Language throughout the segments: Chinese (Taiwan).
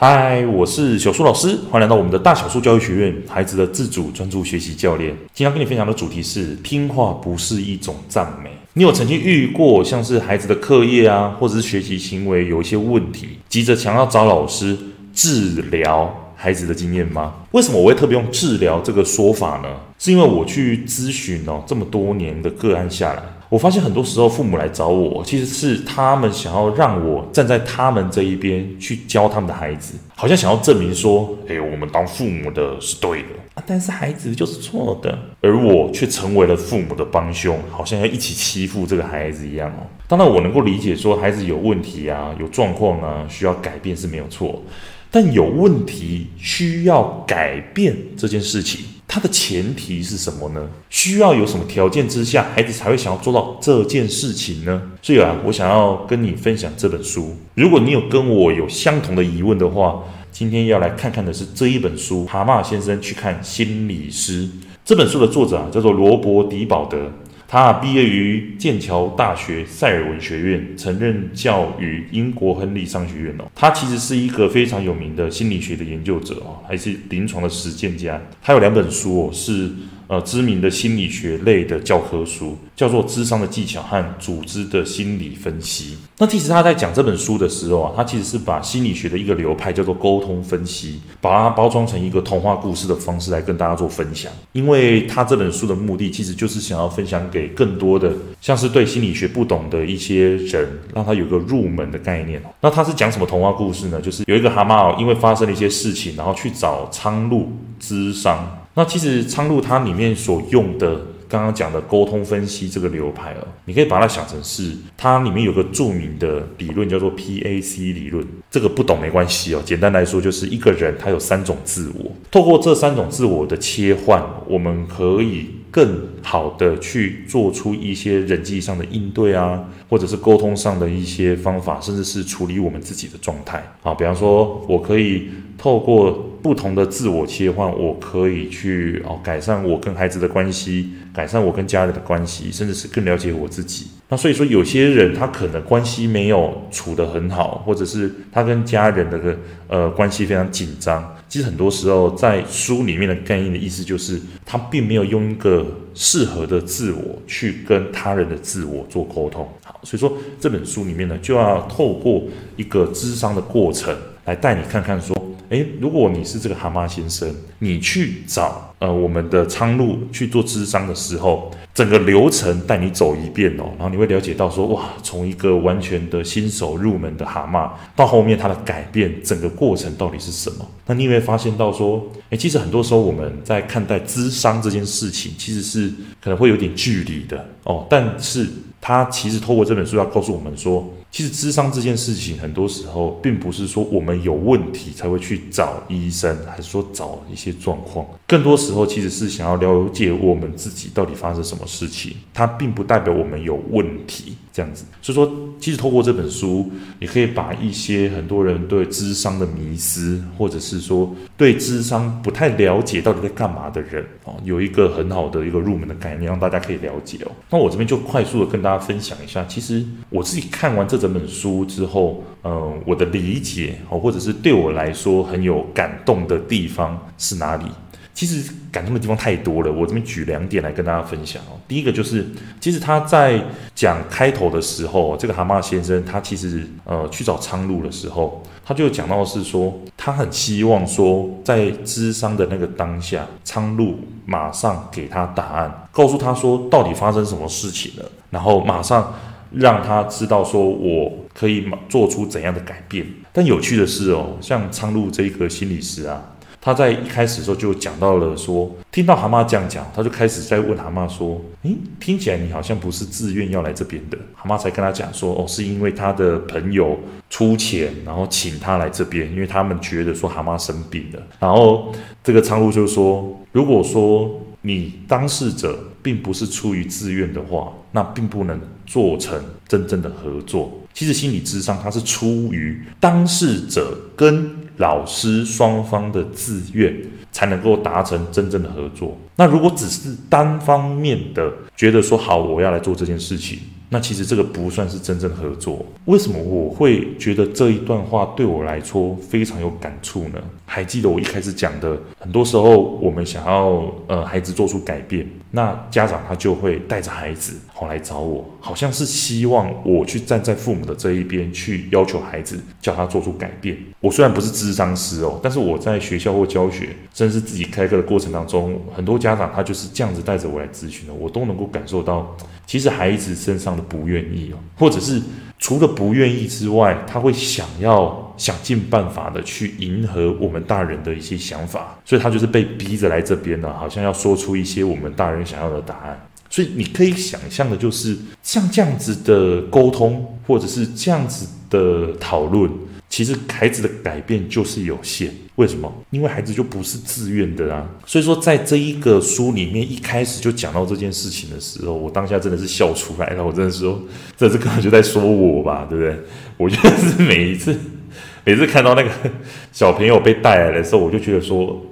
嗨，我是小數樹老師，歡迎來到我們的大小樹教育學院，孩子的自主專注學習教練。今天跟你分享的主題是聽話不是一種讚美。你有曾經遇過像是孩子的課業啊，或者是學習行為有一些問題，急着想要找老師治療孩子的經驗嗎？為什麼我會特別用治療這個說法呢？是因為我去諮詢了這麼多年的個案下來。我發現很多時候父母來找我，其實是他們想要讓我站在他們這一邊去教他們的孩子，好像想要證明說，哎、欸，我們當父母的是對的啊，但是孩子就是錯的，而我卻成為了父母的幫凶，好像要一起欺負這個孩子一樣哦。當然，我能夠理解說孩子有問題啊，有狀況啊，需要改變是沒有錯，但有問題需要改變這件事情。它的前提是什麼呢？需要有什麼條件之下，孩子才會想要做到這件事情呢？所以啊，我想要跟你分享這本書。如果你有跟我有相同的疑問的話，今天要來看看的是這一本書《蛤蟆先生去看心理師》。這本書的作者啊，叫做羅伯·狄保德。他畢業於劍橋大學塞爾文學院，曾任教於英國亨利商學院哦。他其實是一個非常有名的心理學的研究者哦，還是臨床的實踐家。他有兩本書哦，是。呃，知名的心理學類的教科書叫做《諮商的技巧和組織的心理分析》。那其實他在講這本書的時候啊，他其實是把心理學的一個流派叫做溝通分析，把它包裝成一個童話故事的方式來跟大家做分享。因為他這本書的目的其實就是想要分享給更多的像是對心理學不懂的一些人，讓他有個入門的概念。那他是講什麼童話故事呢？就是有一個蛤蟆哦，因為發生了一些事情，然後去找蒼鷺諮商。那其實，蒼鷺它裡面所用的剛剛講的溝通分析這個流派哦、啊，你可以把它想成是它裡面有個著名的理論叫做 PAC 理論。這個不懂沒關係哦，簡單來說就是一個人他有三種自我，透過這三種自我的切換，我們可以更好的去做出一些人際上的應對啊，或者是溝通上的一些方法，甚至是處理我們自己的狀態啊。好，比方說，我可以透過。不同的自我切換，我可以去哦，改善我跟孩子的關係，改善我跟家人的關係，甚至是更了解我自己。那所以說，有些人他可能關係沒有處得很好，或者是他跟家人的個呃關係非常緊張。其實很多時候，在書裡面的概念的意思就是，他並沒有用一個適合的自我去跟他人的自我做溝通。好，所以說這本書裡面呢，就要透過一個諮商的過程來帶你看看說。誒，如果你是這個蛤蟆先生，你去找呃我們的蒼鷺去做諮商的時候，整個流程帶你走一遍哦，然後你會了解到說哇，從一個完全的新手入門的蛤蟆到後面它的改變，整個過程到底是什麼？那你也會發現到說誒，其實很多時候我們在看待諮商這件事情，其實是可能會有點距離的哦，但是他其實透過這本書要告訴我們說。其實諮商這件事情，很多時候並不是說我們有問題才會去找醫生，還是說找一些狀況。更多時候其實是想要了解我們自己到底發生什麼事情，它並不代表我們有問題。這樣子，所以說，其實透過這本書，你可以把一些很多人對諮商的迷思，或者是說對諮商不太了解到底在幹嘛的人，哦，有一個很好的一個入門的概念，讓大家可以了解哦。那我這邊就快速的跟大家分享一下，其實我自己看完這整本書之後，嗯、呃，我的理解，哦，或者是對我來說很有感動的地方是哪裡？其實感動的地方太多了，我這邊舉兩點來跟大家分享哦。第一個就是，其實他在講開頭的時候，這個蛤蟆先生他其實呃去找蒼鷺的時候，他就講到的是說，他很希望說在諮商的那個當下，蒼鷺馬上給他答案，告訴他說到底發生什麼事情了，然後馬上讓他知道說我可以做出怎樣的改變。但有趣的是哦，像蒼鷺這一顆心理師啊。他在一開始的時候就講到了說，聽到蛤蟆這樣講，他就開始在問蛤蟆說：“誒、欸，聽起來你好像不是自願要來這邊的。”蛤蟆才跟他講說：“哦，是因為他的朋友出錢，然後請他來這邊，因為他們覺得說蛤蟆生病了。”然後這個蒼鷺就說：“如果說你當事者。”並不是出於自願的話，那並不能做成真正的合作。其實心理諮商它是出於當事者跟老師雙方的自願，才能夠達成真正的合作。那如果只是單方面的覺得說好，我要來做這件事情，那其實這個不算是真正的合作。為什麼我會覺得這一段話對我來說非常有感觸呢？還記得我一開始講的，很多時候我們想要呃孩子做出改變。那家長他就會帶着孩子跑來找我，好像是希望我去站在父母的這一邊，去要求孩子叫他做出改變。我雖然不是諮商師哦，但是我在學校或教學，甚至自己開課的過程當中，很多家長他就是這樣子帶着我來諮詢的，我都能夠感受到，其實孩子身上的不願意哦，或者是。除了不願意之外，他會想要想盡辦法的去迎合我們大人的一些想法，所以他就是被逼着來這邊了啊，好像要說出一些我們大人想要的答案。所以你可以想象的，就是像這樣子的溝通，或者是這樣子的討論。其實孩子的改變就是有限，為什麼？因為孩子就不是自願的啊。所以說，在這一個書裡面一開始就講到這件事情的時候，我當下真的是笑出來了。我真的是說，這是根本就在說我吧，對不對？我就是每一次，每次看到那個小朋友被帶來的時候，我就覺得說。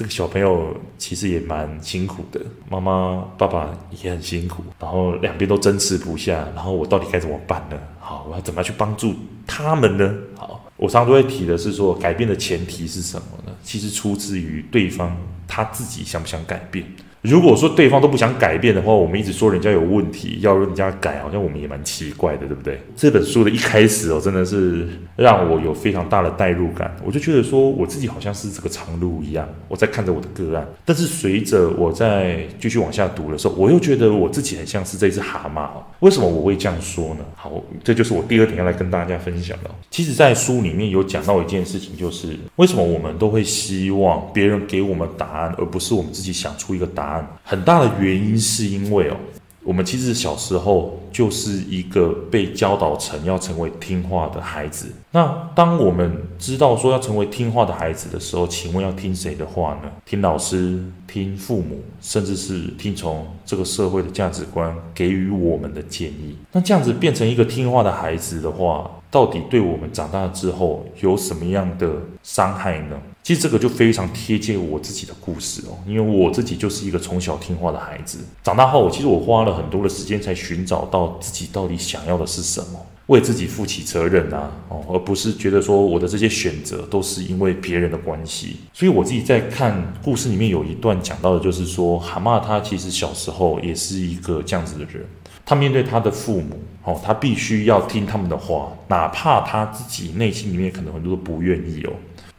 這個小朋友其實也蠻辛苦的，媽媽、爸爸也很辛苦，然後兩邊都爭執不下，然後我到底該怎麼辦呢？好，我要怎麼去幫助他們呢？好，我常常都會提的是說，改變的前提是什麼呢？其實出自於對方他自己想不想改變。如果說對方都不想改變的話，我們一直說人家有問題，要人家改，好像我們也蠻奇怪的，對不對？這本書的一開始哦，真的是讓我有非常大的代入感，我就覺得說我自己好像是這個蒼鷺一樣，我在看着我的個案。但是隨着我在繼續往下讀的時候，我又覺得我自己很像是這隻蛤蟆哦。為什麼我會這樣說呢？好，這就是我第二點要來跟大家分享的。其實，在書裡面有講到一件事情，就是為什麼我們都會希望別人給我們答案，而不是我們自己想出一個答案。很大的原因是因為哦，我們其實小時候就是一個被教導成要成為聽話的孩子。那當我們知道說要成為聽話的孩子的時候，請問要聽誰的話呢？聽老師，聽父母，甚至是聽從這個社會的價值觀給予我們的建議。那這樣子變成一個聽話的孩子的話，到底對我們長大之後有什麼樣的傷害呢？其實這個就非常貼近我自己的故事哦，因為我自己就是一個從小聽話的孩子，長大後其實我花了很多的時間才尋找到自己到底想要的是什麼，為自己負起責任啊哦，而不是覺得說我的這些選擇都是因為別人的關係。所以我自己在看故事裡面有一段講到的，就是說蛤蟆他其實小時候也是一個這樣子的人，他面對他的父母哦，他必須要聽他們的話，哪怕他自己內心裡面可能很多都不願意哦。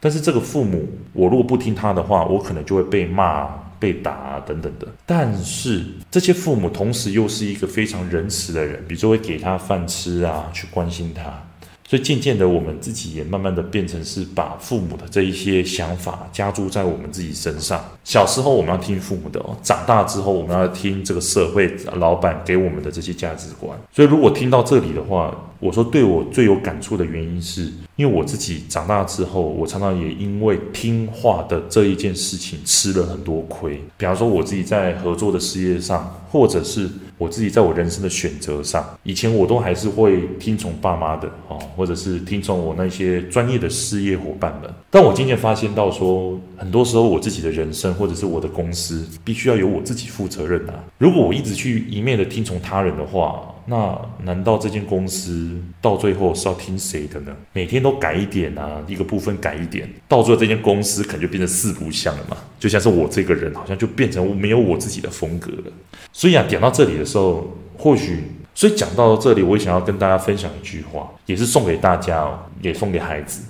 但是這個父母，我如果不聽他的話，我可能就會被罵、被打啊等等的。但是這些父母同時又是一個非常仁慈的人，比如說會給他飯吃啊，去關心他。所以漸漸的，我們自己也慢慢的變成是把父母的這一些想法加注在我們自己身上。小時候我們要聽父母的哦，長大之後我們要聽這個社會老闆給我們的這些價值觀。所以如果聽到這裡的話，我說，對我最有感觸的原因，是因為我自己長大之後，我常常也因為聽話的這一件事情吃了很多虧。比方說，我自己在合作的事業上，或者是我自己在我人生的選擇上，以前我都還是會聽從爸媽的啊，或者是聽從我那些專業的事業夥伴們。但我漸漸發現到，說很多時候我自己的人生，或者是我的公司，必須要由我自己負責任啊。如果我一直去一味的聽從他人的話，那難道這間公司到最後是要聽誰的呢？每天都改一點啊，一個部分改一點，到最後這間公司可能就變成四不像了嘛。就像是我這個人，好像就變成沒有我自己的風格了。所以啊，講到這裡的時候，或許，所以講到這裡，我也想要跟大家分享一句話，也是送給大家哦，也送給孩子。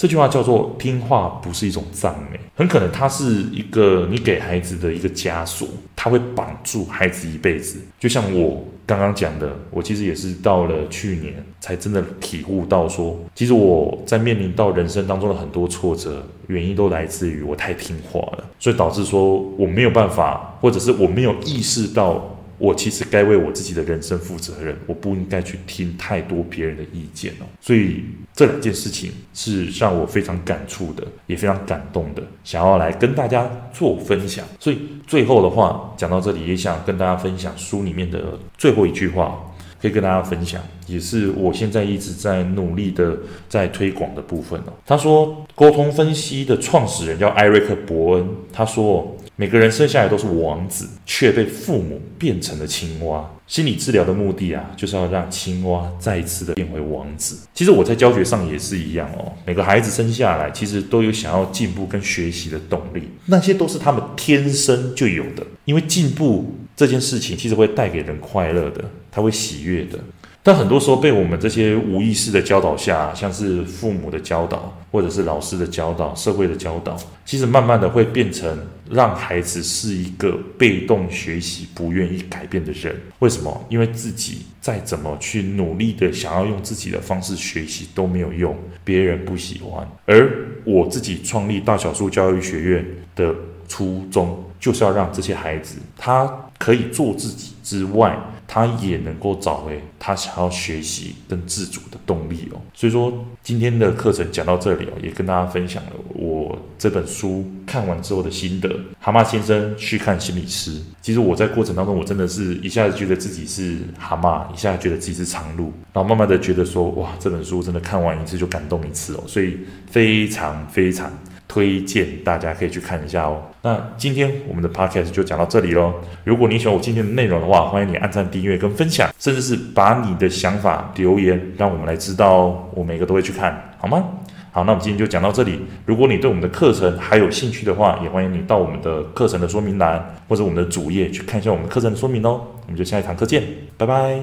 這句話叫做“聽話”不是一種讚美，很可能它是一個你給孩子的一個枷鎖，它會綁住孩子一輩子。就像我剛剛講的，我其實也是到了去年才真的體悟到說，說其實我在面臨到人生當中的很多挫折，原因都來自於我太聽話了，所以導致說我沒有辦法，或者是我沒有意識到。我其實該為我自己的人生負責任，我不應該去聽太多別人的意見哦。所以這兩件事情是讓我非常感觸的，也非常感動的，想要來跟大家做分享。所以最後的話講到這裡，也想跟大家分享書裡面的最後一句話，可以跟大家分享，也是我現在一直在努力的在推廣的部分哦。他說，溝通分析的創始人叫艾瑞克·伯恩，他說，每個人生下來都是王子，卻被父母變成了青蛙。心理治療的目的啊，就是要讓青蛙再一次的變回王子。其實我在教學上也是一樣哦。每個孩子生下來，其實都有想要進步跟學習的動力，那些都是他們天生就有的。因為進步這件事情，其實會帶給人快樂的，他會喜悅的。但很多時候被我們這些無意識的教導下，像是父母的教導，或者是老師的教導、社會的教導，其實慢慢的會變成讓孩子是一個被動學習、不願意改變的人。為什麼？因為自己再怎麼去努力的想要用自己的方式學習都沒有用，別人不喜歡。而我自己創立大小樹教育學院的。初衷就是要讓這些孩子，他可以做自己之外，他也能夠找回他想要學習跟自主的動力哦。所以說今天的課程講到這裡哦，也跟大家分享了我這本書看完之後的心得。蛤蟆先生去看心理師，其實我在過程當中，我真的是一下子覺得自己是蛤蟆，一下子覺得自己是蒼鷺，然後慢慢的覺得說，哇，這本書真的看完一次就感動一次哦，所以非常非常推薦大家可以去看一下哦。那今天我們的 Podcast 就講到這裡嘍。如果你喜歡我今天的內容的話，歡迎你按讚、訂閱跟分享，甚至是把你的想法留言，讓我們來知道哦。我每個都會去看，好嗎？好，那我們今天就講到這裡。如果你對我們的課程還有興趣的話，也歡迎你到我們的課程的說明欄或者我們的主頁去看一下我們課程的說明哦。我們就下一堂課見，拜拜。